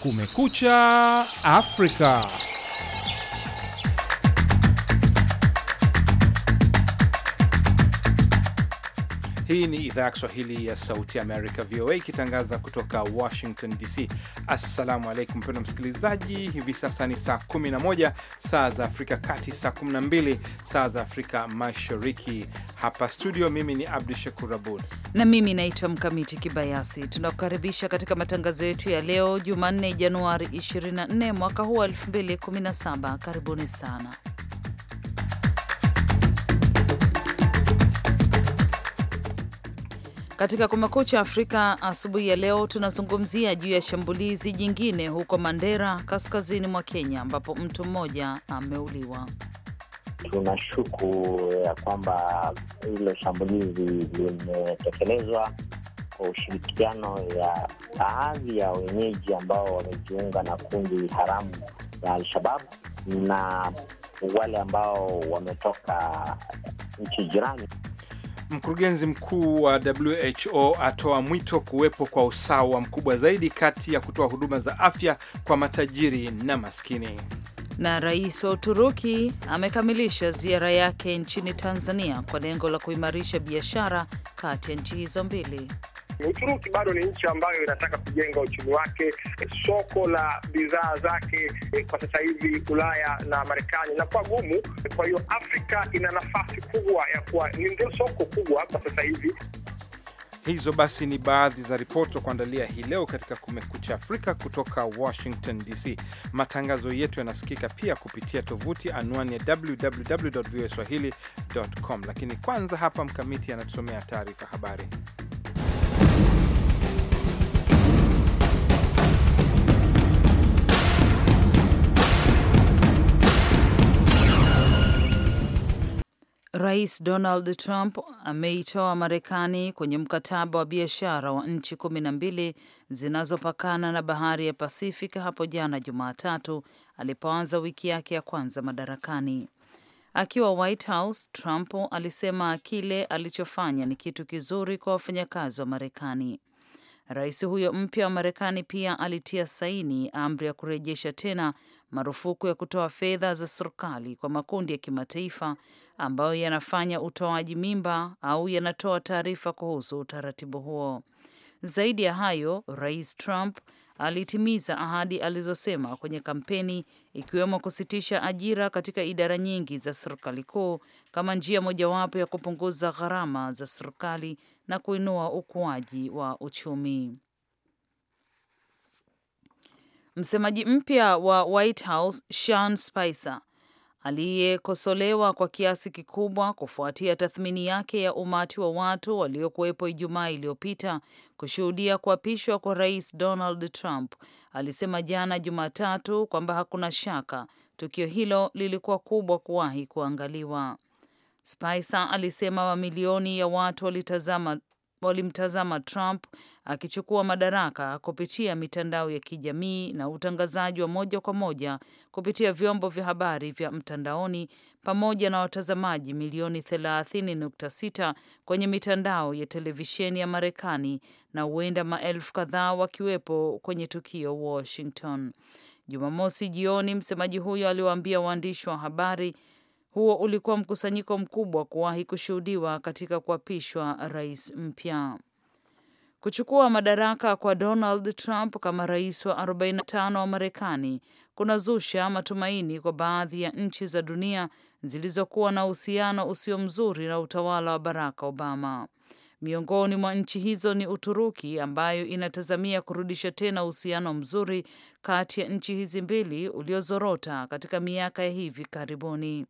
Kumekucha Afrika. Hii ni idhaa ya Kiswahili ya Sauti ya Amerika, VOA, ikitangaza kutoka Washington DC. Assalamu alaikum pendo msikilizaji, hivi sasa ni saa 11 saa za Afrika Kati, saa 12 saa za Afrika Mashariki. Hapa studio, mimi ni Abdu Shakur Abud na mimi naitwa Mkamiti Kibayasi. Tunakukaribisha katika matangazo yetu ya leo Jumanne, Januari 24 mwaka huu wa 2017. Karibuni sana Katika Kumekucha Afrika asubuhi ya leo, tunazungumzia juu ya shambulizi jingine huko Mandera, kaskazini mwa Kenya, ambapo mtu mmoja ameuliwa. Tunashuku ya kwamba hilo shambulizi limetekelezwa kwa ushirikiano ya baadhi ya wenyeji ambao wamejiunga na kundi haramu ya Al-Shabab na wale ambao wametoka nchi jirani. Mkurugenzi mkuu wa WHO atoa mwito kuwepo kwa usawa mkubwa zaidi kati ya kutoa huduma za afya kwa matajiri na maskini. Na rais wa Uturuki amekamilisha ziara yake nchini Tanzania kwa lengo la kuimarisha biashara kati ya nchi hizo mbili. Uturuki bado ni nchi ambayo inataka kujenga uchumi wake. Soko la bidhaa zake e, kwa sasa hivi Ulaya na Marekani inakuwa gumu. Kwa hiyo Afrika ina nafasi kubwa ya kuwa ni ndio soko kubwa kwa sasa hivi. Hizo basi ni baadhi za ripoti za kuandalia hii leo katika Kumekucha Afrika kutoka Washington DC. Matangazo yetu yanasikika pia kupitia tovuti anwani ya www voa swahili com, lakini kwanza hapa Mkamiti anatusomea taarifa habari. Rais Donald Trump ameitoa Marekani kwenye mkataba wa biashara wa nchi kumi na mbili zinazopakana na bahari ya Pasifiki hapo jana Jumatatu alipoanza wiki yake ya kwanza madarakani. Akiwa White House, Trump alisema kile alichofanya ni kitu kizuri kwa wafanyakazi wa Marekani. Rais huyo mpya wa Marekani pia alitia saini amri ya kurejesha tena marufuku ya kutoa fedha za serikali kwa makundi ya kimataifa ambayo yanafanya utoaji mimba au yanatoa taarifa kuhusu utaratibu huo. Zaidi ya hayo, Rais Trump alitimiza ahadi alizosema kwenye kampeni ikiwemo kusitisha ajira katika idara nyingi za serikali kuu kama njia mojawapo ya kupunguza gharama za serikali na kuinua ukuaji wa uchumi. Msemaji mpya wa White House Sean Spicer aliyekosolewa kwa kiasi kikubwa kufuatia tathmini yake ya umati wa watu waliokuwepo Ijumaa iliyopita kushuhudia kuapishwa kwa Rais Donald Trump alisema jana Jumatatu kwamba hakuna shaka tukio hilo lilikuwa kubwa kuwahi kuangaliwa. Spicer alisema mamilioni ya watu walitazama walimtazama Trump akichukua madaraka kupitia mitandao ya kijamii na utangazaji wa moja kwa moja kupitia vyombo vya habari vya mtandaoni pamoja na watazamaji milioni 30.6 kwenye mitandao ya televisheni ya Marekani na huenda maelfu kadhaa wakiwepo kwenye tukio Washington. Jumamosi jioni, msemaji huyo aliwaambia waandishi wa habari huo ulikuwa mkusanyiko mkubwa kuwahi kushuhudiwa katika kuapishwa rais mpya. Kuchukua madaraka kwa Donald Trump kama rais wa 45 wa Marekani kunazusha matumaini kwa baadhi ya nchi za dunia zilizokuwa na uhusiano usio mzuri na utawala wa Barack Obama. Miongoni mwa nchi hizo ni Uturuki ambayo inatazamia kurudisha tena uhusiano mzuri kati ya nchi hizi mbili uliozorota katika miaka ya hivi karibuni.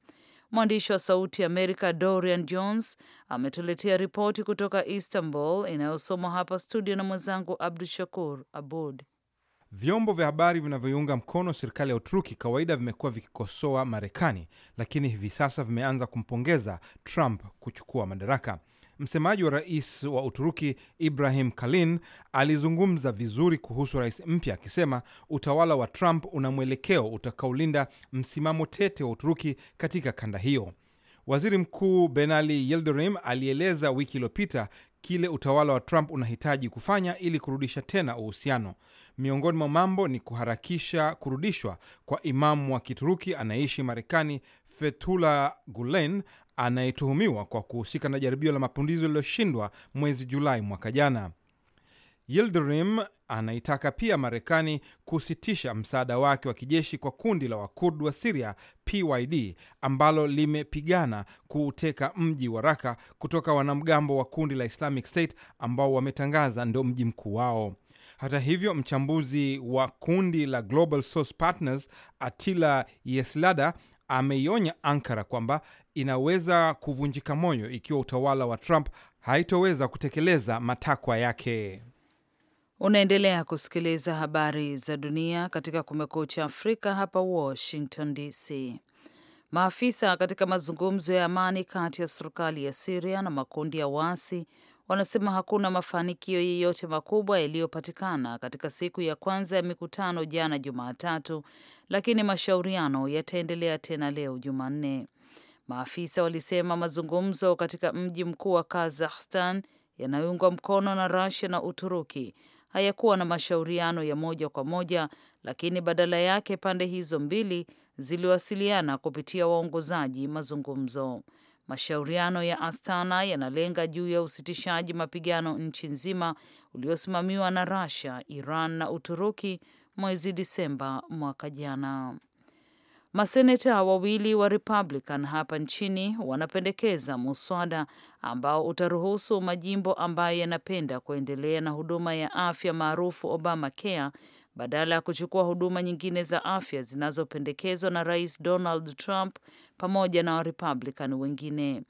Mwandishi wa Sauti Amerika Dorian Jones ametuletea ripoti kutoka Istanbul inayosomwa hapa studio na mwenzangu Abdu Shakur Abud. Vyombo vya habari vinavyoiunga mkono serikali ya Uturuki kawaida vimekuwa vikikosoa Marekani, lakini hivi sasa vimeanza kumpongeza Trump kuchukua madaraka. Msemaji wa rais wa Uturuki Ibrahim Kalin alizungumza vizuri kuhusu rais mpya akisema utawala wa Trump una mwelekeo utakaolinda msimamo tete wa Uturuki katika kanda hiyo. Waziri Mkuu Benali Yildirim alieleza wiki iliyopita kile utawala wa Trump unahitaji kufanya ili kurudisha tena uhusiano. Miongoni mwa mambo ni kuharakisha kurudishwa kwa imamu wa Kituruki anayeishi Marekani, Fethullah Gulen, anayetuhumiwa kwa kuhusika na jaribio la mapinduzi lililoshindwa mwezi Julai mwaka jana. Yildirim anaitaka pia Marekani kusitisha msaada wake wa kijeshi kwa kundi la wakurdu wa Siria PYD ambalo limepigana kuuteka mji wa Raka kutoka wanamgambo wa kundi la Islamic State ambao wametangaza ndio mji mkuu wao. Hata hivyo, mchambuzi wa kundi la Global Source Partners Atila Yeslada ameionya Ankara kwamba inaweza kuvunjika moyo ikiwa utawala wa Trump haitoweza kutekeleza matakwa yake. Unaendelea kusikiliza habari za dunia katika Kumekucha Afrika hapa Washington DC. Maafisa katika mazungumzo ya amani kati ya serikali ya Siria na makundi ya waasi wanasema hakuna mafanikio yeyote makubwa yaliyopatikana katika siku ya kwanza ya mikutano jana Jumatatu, lakini mashauriano yataendelea tena leo Jumanne. Maafisa walisema mazungumzo katika mji mkuu wa Kazakhstan yanayoungwa mkono na rasia na Uturuki hayakuwa na mashauriano ya moja kwa moja, lakini badala yake pande hizo mbili ziliwasiliana kupitia waongozaji mazungumzo. Mashauriano ya Astana yanalenga juu ya usitishaji mapigano nchi nzima uliosimamiwa na Russia, Iran na Uturuki mwezi Disemba mwaka jana. Maseneta wawili wa Republican hapa nchini wanapendekeza muswada ambao utaruhusu majimbo ambayo yanapenda kuendelea na huduma ya afya maarufu Obamacare badala ya kuchukua huduma nyingine za afya zinazopendekezwa na Rais Donald Trump pamoja na Warepublican wengine.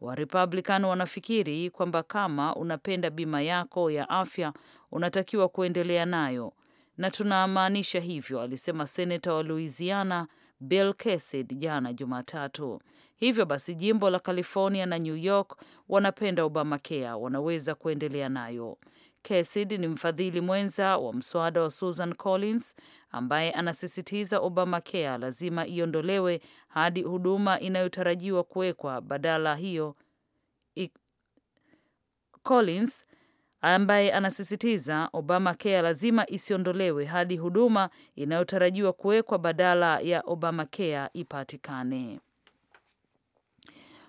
Warepublican wanafikiri kwamba kama unapenda bima yako ya afya unatakiwa kuendelea nayo, na tunamaanisha hivyo, alisema seneta wa Louisiana Bill Kasich jana Jumatatu. Hivyo basi jimbo la California na New York wanapenda Obamacare, wanaweza kuendelea nayo. Kasich ni mfadhili mwenza wa mswada wa Susan Collins ambaye anasisitiza Obamacare lazima iondolewe hadi huduma inayotarajiwa kuwekwa badala hiyo. Collins ambaye anasisitiza Obamacare lazima isiondolewe hadi huduma inayotarajiwa kuwekwa badala ya Obamacare ipatikane.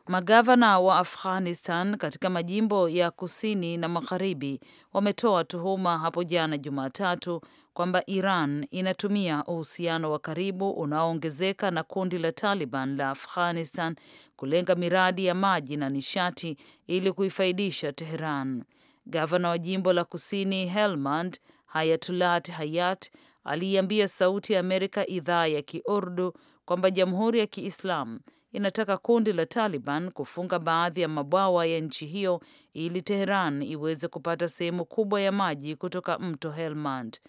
Magavana wa Afghanistan katika majimbo ya kusini na magharibi wametoa tuhuma hapo jana Jumatatu kwamba Iran inatumia uhusiano wa karibu unaoongezeka na kundi la Taliban la Afghanistan kulenga miradi ya maji na nishati ili kuifaidisha Teheran. Gavana wa jimbo la kusini Helmand Hayatulat Hayat aliiambia Sauti ya Amerika idhaa ya Kiurdu kwamba Jamhuri ya Kiislamu inataka kundi la Taliban kufunga baadhi ya mabwawa ya nchi hiyo ili Teheran iweze kupata sehemu kubwa ya maji kutoka mto Helmand.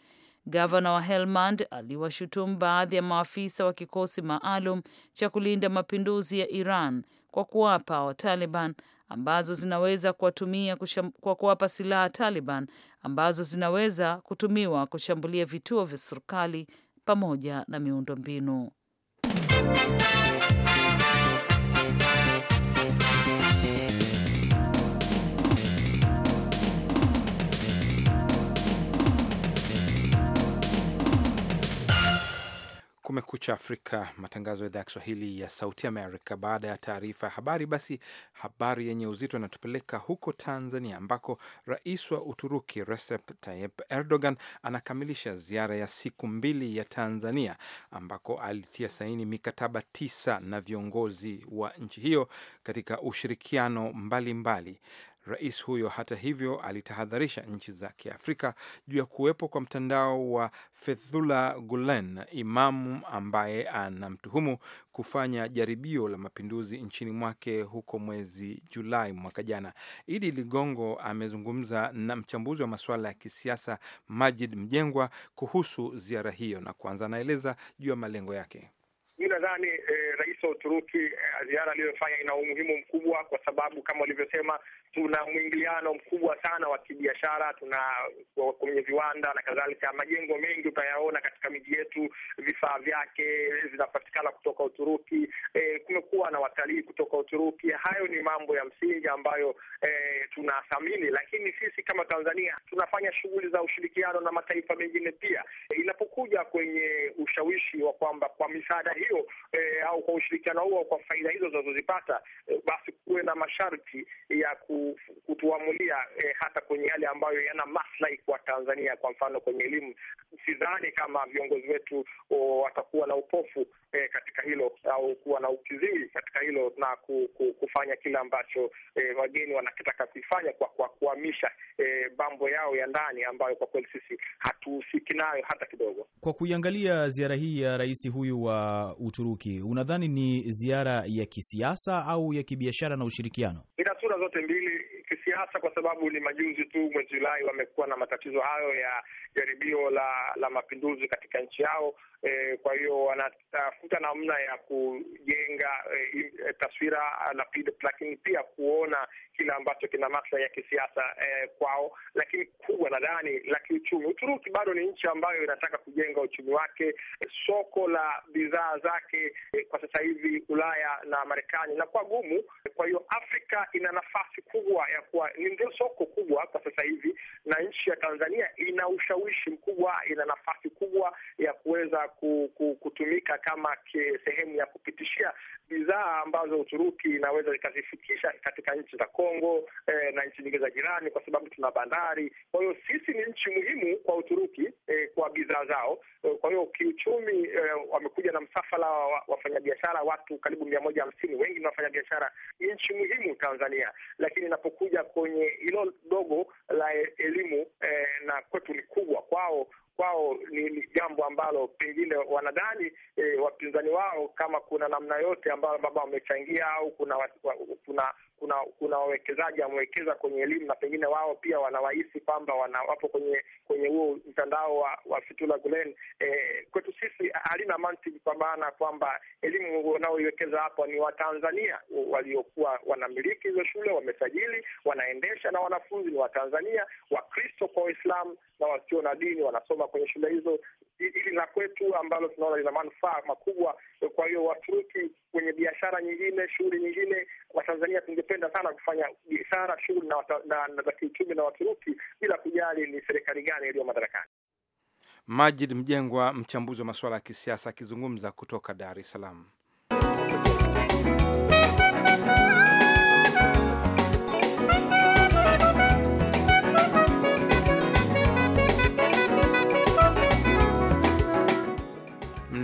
Gavana wa Helmand aliwashutumu baadhi ya maafisa wa kikosi maalum cha kulinda mapinduzi ya Iran kwa kuwapa Wataliban ambazo zinaweza kuwatumia kwa kuwapa silaha Taliban ambazo zinaweza kutumiwa kushambulia vituo vya serikali pamoja na miundombinu. Kumekucha Afrika, matangazo ya idhaa ya Kiswahili ya Sauti Amerika. Baada ya taarifa ya habari, basi habari yenye uzito inatupeleka huko Tanzania, ambako rais wa Uturuki Recep Tayyip Erdogan anakamilisha ziara ya siku mbili ya Tanzania, ambako alitia saini mikataba tisa na viongozi wa nchi hiyo katika ushirikiano mbalimbali mbali. Rais huyo hata hivyo alitahadharisha nchi za Kiafrika juu ya kuwepo kwa mtandao wa Fethullah Gulen, imamu ambaye anamtuhumu kufanya jaribio la mapinduzi nchini mwake huko mwezi Julai mwaka jana. Idi Ligongo amezungumza na mchambuzi wa masuala ya kisiasa Majid Mjengwa kuhusu ziara hiyo, na kwanza anaeleza juu ya malengo yake. Mi nadhani eh, rais wa Uturuki eh, ziara aliyofanya ina umuhimu mkubwa, kwa sababu kama walivyosema tuna mwingiliano mkubwa sana wa kibiashara, tuna kwenye viwanda na kadhalika. Majengo mengi utayaona katika miji yetu, vifaa vyake vinapatikana kutoka Uturuki. E, kumekuwa na watalii kutoka Uturuki. Hayo ni mambo ya msingi ambayo e, tunathamini, lakini sisi kama Tanzania tunafanya shughuli za ushirikiano na mataifa mengine pia. E, inapokuja kwenye ushawishi wa kwamba kwa misaada hiyo e, au kwa ushirikiano huo, kwa faida hizo zinazozipata e, basi kuwe na masharti ya ku kutuamulia eh, hata kwenye yale ambayo yana maslahi kwa Tanzania. Kwa mfano kwenye elimu, sidhani kama viongozi wetu watakuwa na upofu eh, katika hilo au kuwa na ukizii katika hilo na ku, ku, kufanya kile ambacho eh, wageni wanakitaka kuifanya kwa, kwa kuhamisha eh, mambo yao ya ndani ambayo kwa kweli sisi hatuhusiki nayo hata kidogo. Kwa kuiangalia ziara hii ya rais huyu wa Uturuki, unadhani ni ziara ya kisiasa au ya kibiashara na ushirikiano? Ina sura zote mbili kisiasa, kwa sababu ni majuzi tu mwezi Julai wamekuwa na matatizo hayo ya jaribio la la mapinduzi katika nchi yao. E, kwa hiyo wanatafuta namna ya kujenga e, e taswira lapid, lakini pia kuona kile ambacho kina maslahi ya kisiasa e, kwao, lakini kubwa nadhani la kiuchumi. Uturuki bado ni nchi ambayo inataka kujenga uchumi wake, soko la bidhaa zake e, kwa sasa hivi Ulaya na Marekani na kwa gumu. Kwa hiyo Afrika ina nafasi kubwa ya kuwa ni ndio soko kubwa kwa sasa hivi, na nchi ya Tanzania ina ushawishi mkubwa, ina nafasi kubwa ya kuweza kutumika kama sehemu ya kupitishia bidhaa ambazo Uturuki inaweza ikazifikisha katika nchi za Kongo eh, na nchi nyingine za jirani, kwa sababu tuna bandari. Kwa hiyo sisi ni nchi muhimu kwa Uturuki eh, kwa bidhaa zao. Kwa hiyo kiuchumi, eh, wamekuja na msafara wa wafanyabiashara, watu karibu mia moja hamsini, wengi ni wafanyabiashara. Ni nchi muhimu Tanzania, lakini inapokuja kwenye hilo dogo la elimu eh, na kwetu ni kubwa kwao kwao ni, ni jambo ambalo pengine wanadhani e, wapinzani wao kama kuna namna yote ambayo baba wamechangia au kuna wa, kuna kuna kuna wawekezaji wamewekeza kwenye elimu na pengine wao pia wanawahisi kwamba wapo kwenye kwenye huo mtandao wa, wa Fitula Gulen. E, kwetu sisi halina mantiki, kwa maana kwamba elimu wanaoiwekeza hapa ni Watanzania waliokuwa wanamiliki hizo shule, wamesajili, wanaendesha na wanafunzi ni Watanzania wa Wakristo kwa Waislamu na wasio na dini wanasoma kwenye shule hizo, ili na kwetu ambalo tunaona lina manufaa makubwa. Kwa hiyo Waturuki kwenye biashara nyingine, shughuli nyingine, Watanzania tungependa sana kufanya biashara, shughuli za kiuchumi na Waturuki bila kujali ni serikali gani iliyo madarakani. Majid Mjengwa, mchambuzi wa masuala ya kisiasa, akizungumza kutoka Dar es Salaam.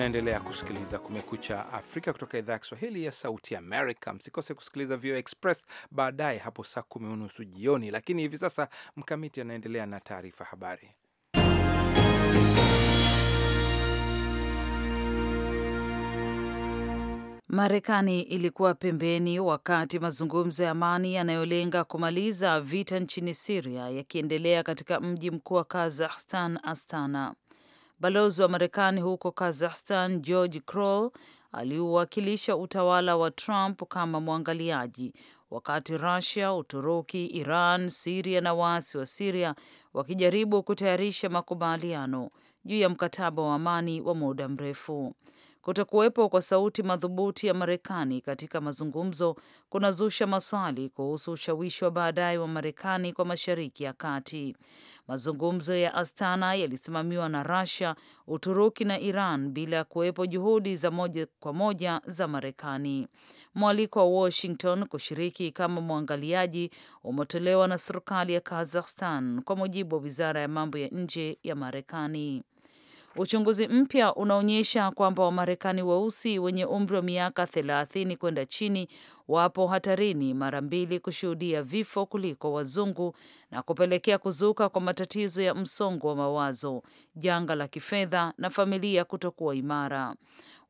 Unaendelea kusikiliza Kumekucha Afrika kutoka idhaa ya Kiswahili ya Sauti Amerika. Msikose kusikiliza VOA Express baadaye hapo saa kumi unusu jioni, lakini hivi sasa Mkamiti anaendelea na taarifa habari. Marekani ilikuwa pembeni wakati mazungumzo ya amani yanayolenga kumaliza vita nchini Siria yakiendelea katika mji mkuu wa Kazakhstan, Astana. Balozi wa Marekani huko Kazakhstan George Croll aliuwakilisha utawala wa Trump kama mwangaliaji wakati Rusia, Uturuki, Iran, Siria na waasi wa Siria wakijaribu kutayarisha makubaliano juu ya mkataba wa amani wa muda mrefu. Kutokuwepo kwa sauti madhubuti ya Marekani katika mazungumzo kunazusha maswali kuhusu ushawishi wa baadaye wa Marekani kwa Mashariki ya Kati. Mazungumzo ya Astana yalisimamiwa na Russia, Uturuki na Iran bila ya kuwepo juhudi za moja kwa moja za Marekani. Mwaliko wa Washington kushiriki kama mwangaliaji umetolewa na serikali ya Kazakhstan, kwa mujibu wa wizara ya mambo ya nje ya Marekani. Uchunguzi mpya unaonyesha kwamba Wamarekani weusi wenye umri wa miaka 30 kwenda chini wapo hatarini mara mbili kushuhudia vifo kuliko wazungu na kupelekea kuzuka kwa matatizo ya msongo wa mawazo, janga la kifedha na familia kutokuwa imara.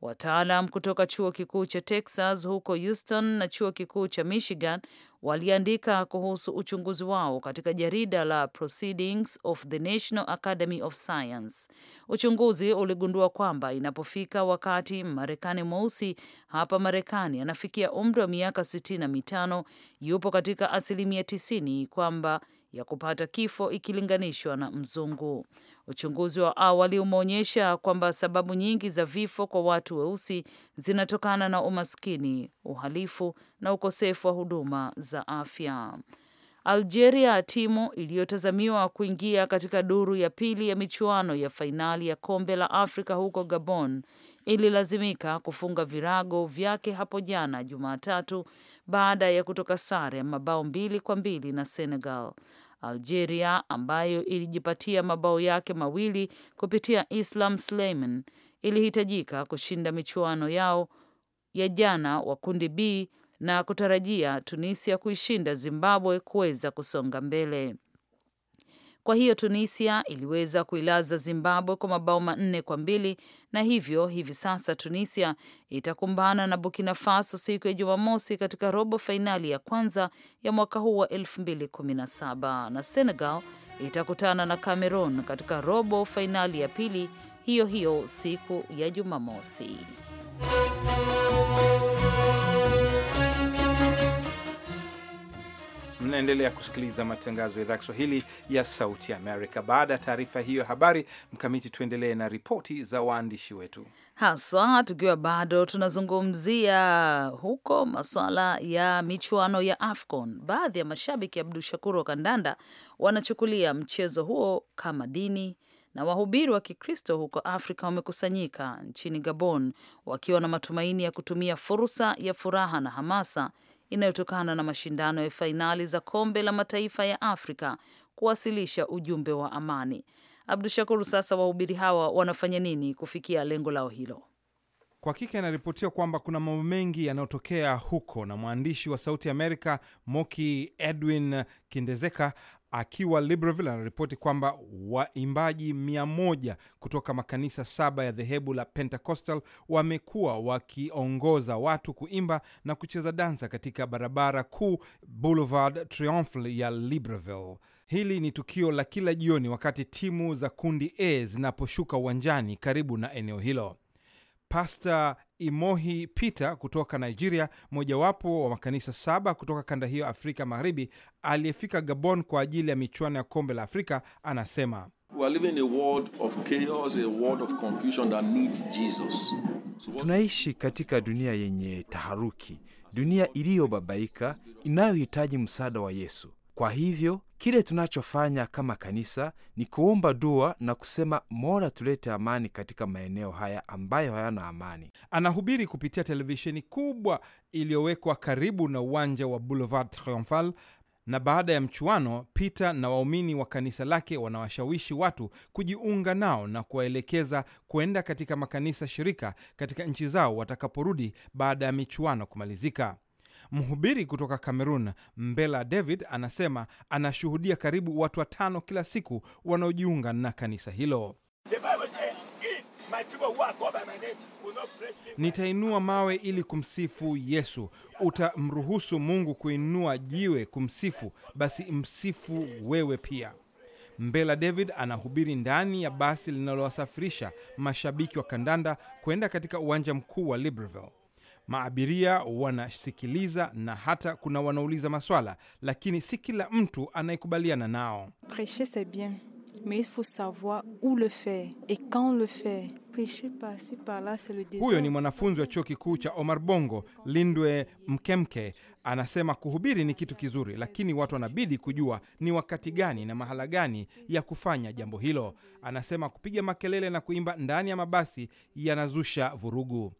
Wataalam kutoka chuo kikuu cha Texas huko Houston na chuo kikuu cha Michigan waliandika kuhusu uchunguzi wao katika jarida la Proceedings of the National Academy of Science. Uchunguzi uligundua kwamba inapofika wakati Marekani mweusi hapa Marekani anafikia umri wa miaka sitini na mitano yupo katika asilimia tisini kwamba ya kupata kifo ikilinganishwa na mzungu. Uchunguzi wa awali umeonyesha kwamba sababu nyingi za vifo kwa watu weusi zinatokana na umaskini, uhalifu na ukosefu wa huduma za afya. Algeria, timu iliyotazamiwa kuingia katika duru ya pili ya michuano ya fainali ya kombe la Afrika huko Gabon, ililazimika kufunga virago vyake hapo jana Jumatatu baada ya kutoka sare ya mabao mbili kwa mbili na Senegal. Algeria ambayo ilijipatia mabao yake mawili kupitia Islam Sleiman ilihitajika kushinda michuano yao ya jana wa kundi B na kutarajia Tunisia kuishinda Zimbabwe kuweza kusonga mbele. Kwa hiyo Tunisia iliweza kuilaza Zimbabwe kwa mabao manne kwa mbili, na hivyo hivi sasa Tunisia itakumbana na Burkina Faso siku ya Jumamosi katika robo fainali ya kwanza ya mwaka huu wa 2017 na Senegal itakutana na Cameroon katika robo fainali ya pili hiyo hiyo siku ya Jumamosi. Mnaendelea kusikiliza matangazo ya idhaa Kiswahili ya Sauti Amerika. Baada ya taarifa hiyo ya habari, Mkamiti, tuendelee na ripoti za waandishi wetu, haswa tukiwa bado tunazungumzia huko masuala ya michuano ya AFCON. Baadhi ya mashabiki Abdu Shakur wa kandanda wanachukulia mchezo huo kama dini na wahubiri wa Kikristo huko Afrika wamekusanyika nchini Gabon wakiwa na matumaini ya kutumia fursa ya furaha na hamasa inayotokana na mashindano ya fainali za kombe la mataifa ya Afrika kuwasilisha ujumbe wa amani. Abdu Shakuru, sasa wahubiri hawa wanafanya nini kufikia lengo lao hilo? Kwa hakika inaripotiwa kwamba kuna mambo mengi yanayotokea huko, na mwandishi wa Sauti Amerika Moki Edwin Kindezeka akiwa Libreville anaripoti kwamba waimbaji mia moja kutoka makanisa saba ya dhehebu la Pentecostal wamekuwa wakiongoza watu kuimba na kucheza dansa katika barabara kuu Boulevard Triomphal ya Libreville. Hili ni tukio la kila jioni wakati timu za kundi A e zinaposhuka uwanjani karibu na eneo hilo. Pasta Imohi Peter kutoka Nigeria, mojawapo wa makanisa saba kutoka kanda hiyo Afrika Magharibi, aliyefika Gabon kwa ajili ya michuano ya kombe la Afrika, anasema tunaishi katika dunia yenye taharuki, dunia iliyobabaika inayohitaji msaada wa Yesu. Kwa hivyo kile tunachofanya kama kanisa ni kuomba dua na kusema Mola, tulete amani katika maeneo haya ambayo hayana amani. Anahubiri kupitia televisheni kubwa iliyowekwa karibu na uwanja wa Boulevard Triomphal, na baada ya mchuano, Peter na waumini wa kanisa lake wanawashawishi watu kujiunga nao na kuwaelekeza kwenda katika makanisa shirika katika nchi zao watakaporudi baada ya michuano kumalizika. Mhubiri kutoka Cameroon, Mbela David, anasema anashuhudia karibu watu watano kila siku wanaojiunga na kanisa hilo. Nitainua mawe ili kumsifu Yesu. Utamruhusu Mungu kuinua jiwe kumsifu, basi msifu wewe pia. Mbela David anahubiri ndani ya basi linalowasafirisha mashabiki wa kandanda kwenda katika uwanja mkuu wa Libreville. Maabiria wanasikiliza na hata kuna wanauliza maswala, lakini si kila mtu anayekubaliana nao. c'est bien mais il faut savoir le faire et quand le faire huyo ni mwanafunzi wa chuo kikuu cha Omar Bongo, Lindwe Mkemke, anasema kuhubiri ni kitu kizuri, lakini watu wanabidi kujua ni wakati gani na mahala gani ya kufanya jambo hilo. Anasema kupiga makelele na kuimba ndani ya mabasi yanazusha vurugu.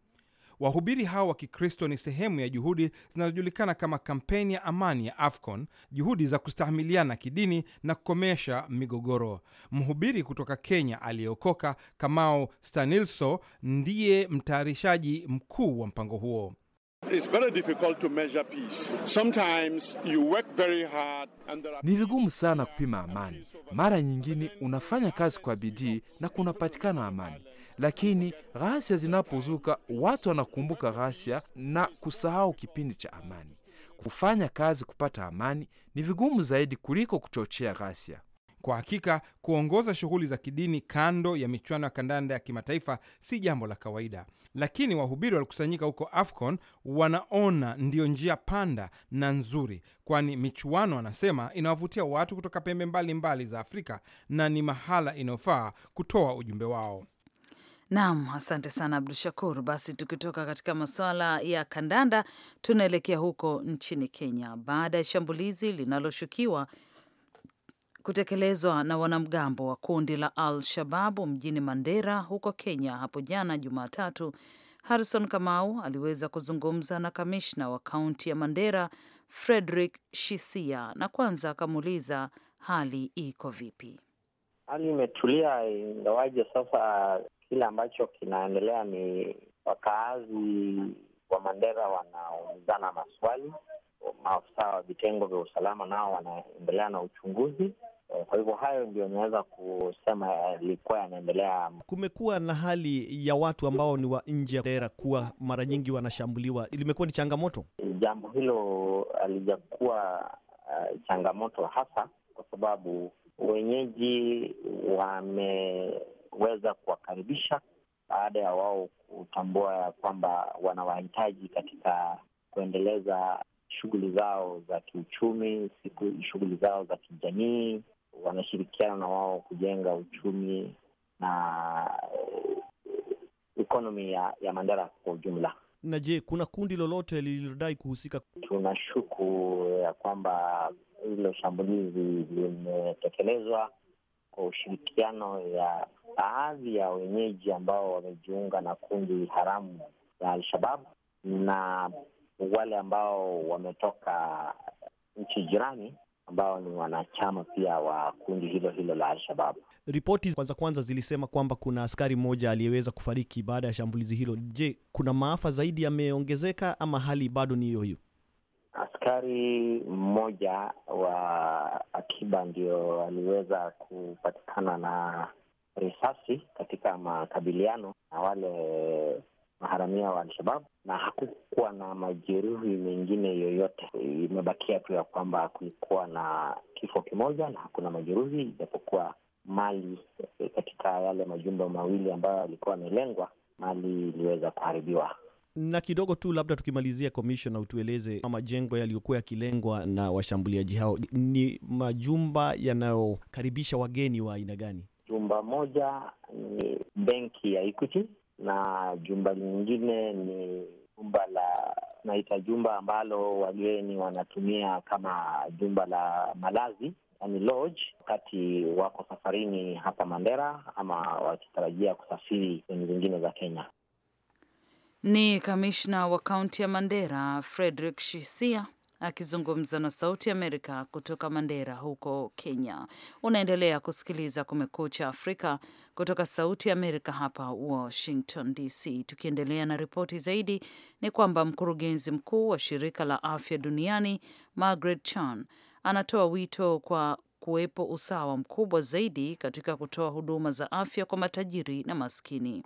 Wahubiri hao wa Kikristo ni sehemu ya juhudi zinazojulikana kama kampeni ya amani ya AFCON, juhudi za kustahamiliana kidini na kukomesha migogoro. Mhubiri kutoka Kenya aliyeokoka Kamau Stanilso ndiye mtayarishaji mkuu wa mpango huo. Ni vigumu sana kupima amani. Mara nyingine unafanya kazi kwa bidii na kunapatikana amani, lakini ghasia zinapozuka watu wanakumbuka ghasia na kusahau kipindi cha amani. Kufanya kazi kupata amani ni vigumu zaidi kuliko kuchochea ghasia. Kwa hakika kuongoza shughuli za kidini kando ya michuano ya kandanda ya kimataifa si jambo la kawaida, lakini wahubiri walikusanyika huko AFCON wanaona ndiyo njia panda na nzuri, kwani michuano, wanasema, inawavutia watu kutoka pembe mbalimbali mbali za Afrika na ni mahala inayofaa kutoa ujumbe wao. Naam, asante sana Abdu Shakur. Basi tukitoka katika masuala ya kandanda, tunaelekea huko nchini Kenya baada ya shambulizi linaloshukiwa kutekelezwa na wanamgambo wa kundi la Al Shababu mjini Mandera huko Kenya hapo jana Jumatatu. Harrison Kamau aliweza kuzungumza na kamishna wa kaunti ya Mandera Frederick Shisia, na kwanza akamuuliza hali iko vipi hali yaani imetulia, ingawaje sasa kile ambacho kinaendelea ni wakaazi wa Mandera wanaulizana maswali, maafisa wa vitengo vya usalama nao wanaendelea na uchunguzi. Kwa hivyo hayo ndio inaweza kusema yalikuwa yanaendelea. Kumekuwa na hali ya watu ambao ni wa nje ya Mandera kuwa mara nyingi wanashambuliwa, limekuwa ni changamoto. Jambo hilo halijakuwa uh, changamoto hasa kwa sababu wenyeji wameweza kuwakaribisha baada ya wao kutambua ya kwamba wanawahitaji katika kuendeleza shughuli zao za kiuchumi, shughuli zao za kijamii. Wanashirikiana na wao kujenga uchumi na ekonomi eh, ya, ya mandara kwa ujumla. Na je, kuna kundi lolote lililodai kuhusika? Tunashuku ya kwamba hilo shambulizi limetekelezwa kwa ushirikiano ya baadhi ya wenyeji ambao wamejiunga na kundi haramu ya al na wale ambao wametoka nchi jirani ambao ni wanachama pia wa kundi hilo hilo la Alshababu. Ripoti kwanza kwanza zilisema kwamba kuna askari mmoja aliyeweza kufariki baada ya shambulizi hilo. Je, kuna maafa zaidi yameongezeka ama hali bado ni hiyo hiyo? Askari mmoja wa akiba ndio aliweza kupatikana na risasi katika makabiliano na wale maharamia wa Alshabab na hakukuwa na majeruhi mengine yoyote. Imebakia tu ya kwamba kulikuwa na kifo kimoja na hakuna majeruhi, ijapokuwa mali eh, katika yale majumba mawili ambayo yalikuwa yamelengwa, mali iliweza kuharibiwa na kidogo tu labda tukimalizia, komishona, utueleze majengo yaliyokuwa yakilengwa na washambuliaji hao, ni majumba yanayokaribisha wageni wa aina gani? Jumba moja ni benki ya Equity, na jumba lingine ni jumba la naita jumba ambalo wageni wanatumia kama jumba la malazi, yani lodge, wakati wako safarini hapa Mandera ama wakitarajia kusafiri sehemu zingine za Kenya. Ni kamishna wa kaunti ya Mandera Frederick Shisia akizungumza na Sauti Amerika kutoka Mandera huko Kenya. Unaendelea kusikiliza Kumekucha Afrika kutoka Sauti Amerika hapa Washington DC. Tukiendelea na ripoti zaidi, ni kwamba mkurugenzi mkuu wa Shirika la Afya Duniani Margaret Chan anatoa wito kwa kuwepo usawa mkubwa zaidi katika kutoa huduma za afya kwa matajiri na maskini.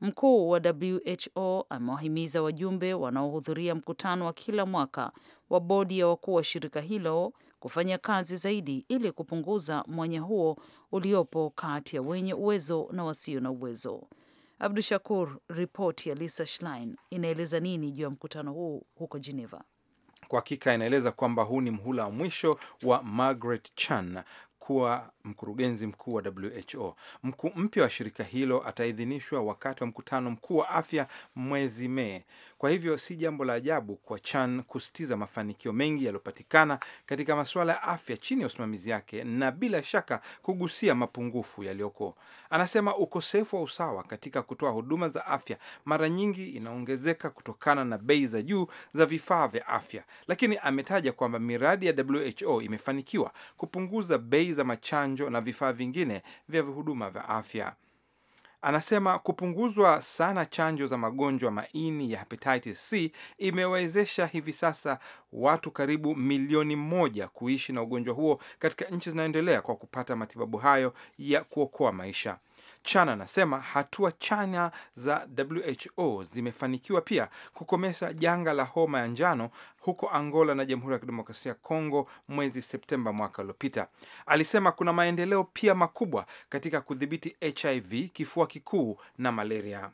Mkuu wa WHO amewahimiza wajumbe wanaohudhuria mkutano wa kila mwaka wa bodi ya wakuu wa shirika hilo kufanya kazi zaidi ili kupunguza mwanya huo uliopo kati ya wenye uwezo na wasio na uwezo. Abdu Shakur, ripoti ya Lisa Schlein inaeleza nini juu ya mkutano huu huko Geneva? Kwa hakika inaeleza kwamba huu ni mhula wa mwisho wa Margaret Chan kuwa mkurugenzi mkuu wa WHO. Mkuu mpya wa shirika hilo ataidhinishwa wakati wa mkutano mkuu wa afya mwezi Mei. Kwa hivyo si jambo la ajabu kwa Chan kusitiza mafanikio mengi yaliyopatikana katika masuala ya afya chini ya usimamizi yake, na bila shaka kugusia mapungufu yaliyoko. Anasema ukosefu wa usawa katika kutoa huduma za afya mara nyingi inaongezeka kutokana na bei za juu za vifaa vya afya, lakini ametaja kwamba miradi ya WHO imefanikiwa kupunguza bei kuagiza machanjo na vifaa vingine vya huduma vya afya. Anasema kupunguzwa sana chanjo za magonjwa maini ya hepatitis C imewezesha hivi sasa watu karibu milioni moja kuishi na ugonjwa huo katika nchi zinazoendelea kwa kupata matibabu hayo ya kuokoa maisha. Chan anasema hatua chanya za WHO zimefanikiwa pia kukomesha janga la homa ya njano huko Angola na Jamhuri ya Kidemokrasia ya Kongo mwezi Septemba mwaka uliopita. Alisema kuna maendeleo pia makubwa katika kudhibiti HIV, kifua kikuu na malaria.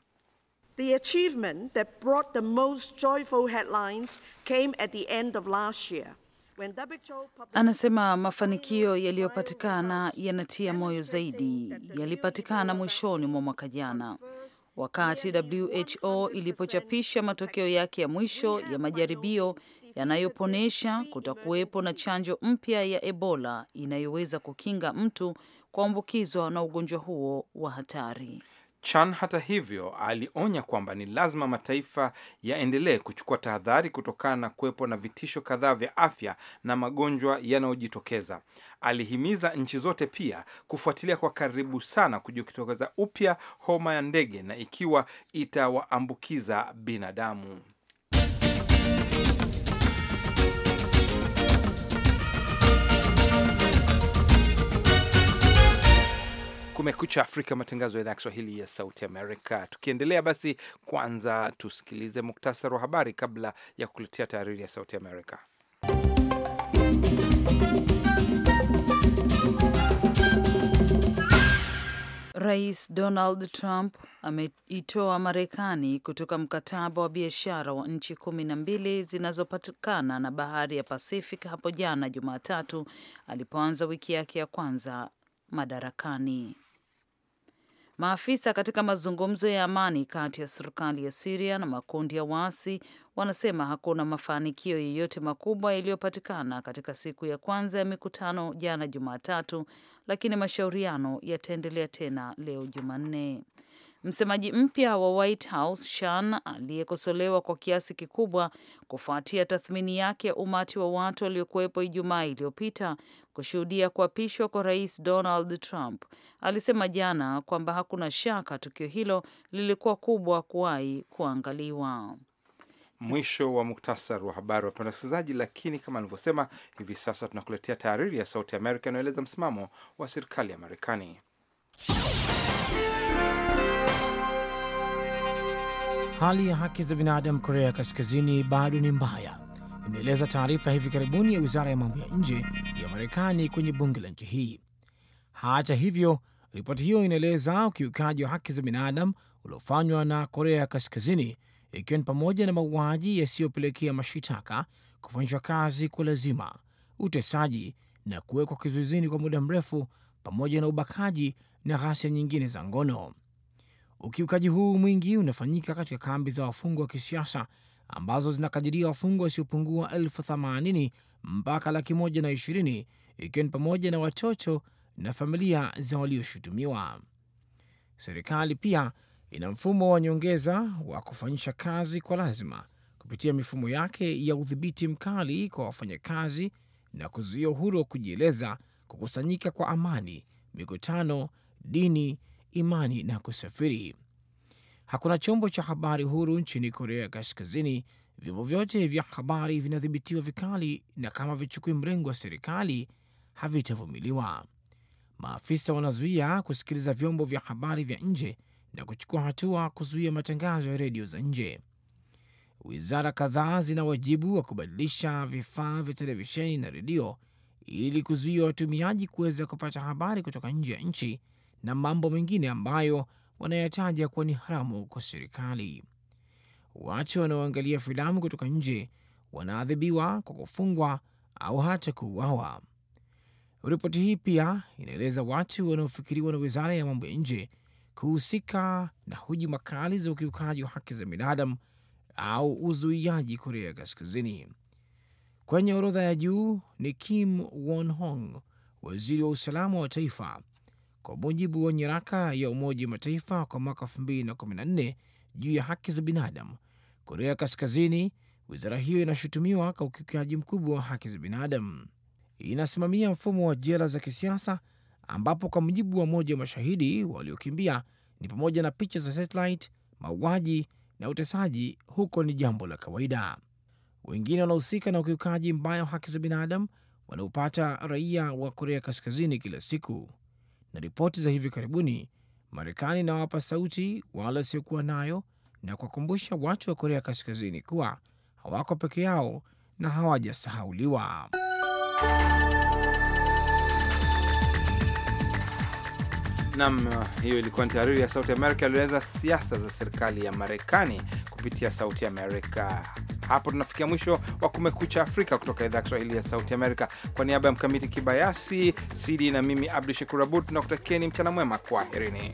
The achievement that brought the most joyful headlines came at the end of last year. Anasema mafanikio yaliyopatikana yanatia moyo zaidi, yalipatikana mwishoni mwa mwaka jana wakati WHO ilipochapisha matokeo yake ya mwisho ya majaribio yanayoponesha kutakuwepo na chanjo mpya ya Ebola inayoweza kukinga mtu kuambukizwa na ugonjwa huo wa hatari. Chan hata hivyo alionya kwamba ni lazima mataifa yaendelee kuchukua tahadhari kutokana na kuwepo na vitisho kadhaa vya afya na magonjwa yanayojitokeza. Alihimiza nchi zote pia kufuatilia kwa karibu sana kujitokeza upya homa ya ndege na ikiwa itawaambukiza binadamu. Kumekucha Afrika, matangazo ya idhaa ya Kiswahili ya Sauti Amerika. Tukiendelea basi, kwanza tusikilize muktasari wa habari kabla ya kukuletea tahariri ya Sauti Amerika. Rais Donald Trump ameitoa Marekani kutoka mkataba wa biashara wa nchi kumi na mbili zinazopatikana na bahari ya Pacific hapo jana Jumatatu alipoanza wiki yake ya kwanza madarakani. Maafisa katika mazungumzo ya amani kati ya serikali ya Siria na makundi ya waasi wanasema hakuna mafanikio yeyote makubwa yaliyopatikana katika siku ya kwanza ya mikutano jana Jumatatu, lakini mashauriano yataendelea tena leo Jumanne. Msemaji mpya wa White House Shan, aliyekosolewa kwa kiasi kikubwa kufuatia tathmini yake ya umati wa watu waliokuwepo Ijumaa iliyopita kushuhudia kuapishwa kwa Rais Donald Trump, alisema jana kwamba hakuna shaka tukio hilo lilikuwa kubwa kuwahi kuangaliwa. Mwisho wa muktasar wa habari, wapenda wasikilizaji. Lakini kama alivyosema, hivi sasa tunakuletea tahariri ya Sauti Amerika inayoeleza msimamo wa serikali ya Marekani. Hali ya haki za binadamu Korea Kaskazini bado ni mbaya, imeeleza taarifa hivi karibuni ya wizara ya mambo ya nje ya Marekani kwenye bunge la nchi hii. Hata hivyo, ripoti hiyo inaeleza ukiukaji wa haki za binadamu uliofanywa na Korea Kaskazini, ikiwa ni pamoja na mauaji yasiyopelekea mashitaka, kufanyishwa kazi kwa lazima, utesaji na kuwekwa kizuizini kwa muda mrefu, pamoja na ubakaji na ghasia nyingine za ngono. Ukiukaji huu mwingi unafanyika katika kambi za wafungwa wa kisiasa ambazo zinakadiria wafungwa wasiopungua elfu themanini mpaka laki moja na ishirini ikiwa ni pamoja na watoto na familia za walioshutumiwa. Serikali pia ina mfumo wa nyongeza wa kufanyisha kazi kwa lazima kupitia mifumo yake ya udhibiti mkali kwa wafanyakazi na kuzuia uhuru wa kujieleza, kukusanyika kwa amani, mikutano, dini imani na kusafiri. Hakuna chombo cha habari huru nchini Korea ya Kaskazini. Vyombo vyote vya habari vinadhibitiwa vikali, na kama vichukui mrengo wa serikali havitavumiliwa. Maafisa wanazuia kusikiliza vyombo vya habari vya nje na kuchukua hatua kuzuia matangazo ya redio za nje. Wizara kadhaa zina wajibu wa kubadilisha vifaa vya televisheni na redio ili kuzuia watumiaji kuweza kupata habari kutoka nje ya nchi na mambo mengine ambayo wanayataja kuwa ni haramu kwa serikali. Watu wanaoangalia filamu kutoka nje wanaadhibiwa kwa kufungwa au hata kuuawa. Ripoti hii pia inaeleza watu wanaofikiriwa na wizara ya mambo ya nje kuhusika na hujuma kali za ukiukaji wa haki za binadamu au uzuiaji Korea Kaskazini. Kwenye orodha ya juu ni Kim Won Hong, waziri wa usalama wa taifa kwa mujibu wa nyaraka ya Umoja wa Mataifa kwa mwaka 2014 juu ya haki za binadamu Korea Kaskazini, wizara hiyo inashutumiwa kwa ukiukaji mkubwa wa haki za binadamu. Inasimamia mfumo wa jela za kisiasa ambapo kwa mujibu wa mmoja wa mashahidi waliokimbia ni pamoja na picha za satellite, mauaji na utesaji huko ni jambo la kawaida. Wengine wanahusika na ukiukaji mbaya wa haki za binadamu wanaopata raia wa Korea Kaskazini kila siku na ripoti za hivi karibuni, Marekani inawapa sauti wale wasiokuwa nayo na kuwakumbusha watu wa Korea Kaskazini kuwa hawako peke yao na hawajasahauliwa. Nam, hiyo ilikuwa ni tahariri ya Sauti Amerika ilieleza siasa za serikali ya Marekani kupitia Sauti Amerika. Hapo tunafikia mwisho wa Kumekucha Afrika kutoka idhaa ya Kiswahili ya Sauti Amerika. Kwa niaba ya Mkamiti Kibayasi Sidi na mimi Abdu Shakur Abud tunakutakieni mchana mwema, kwaherini.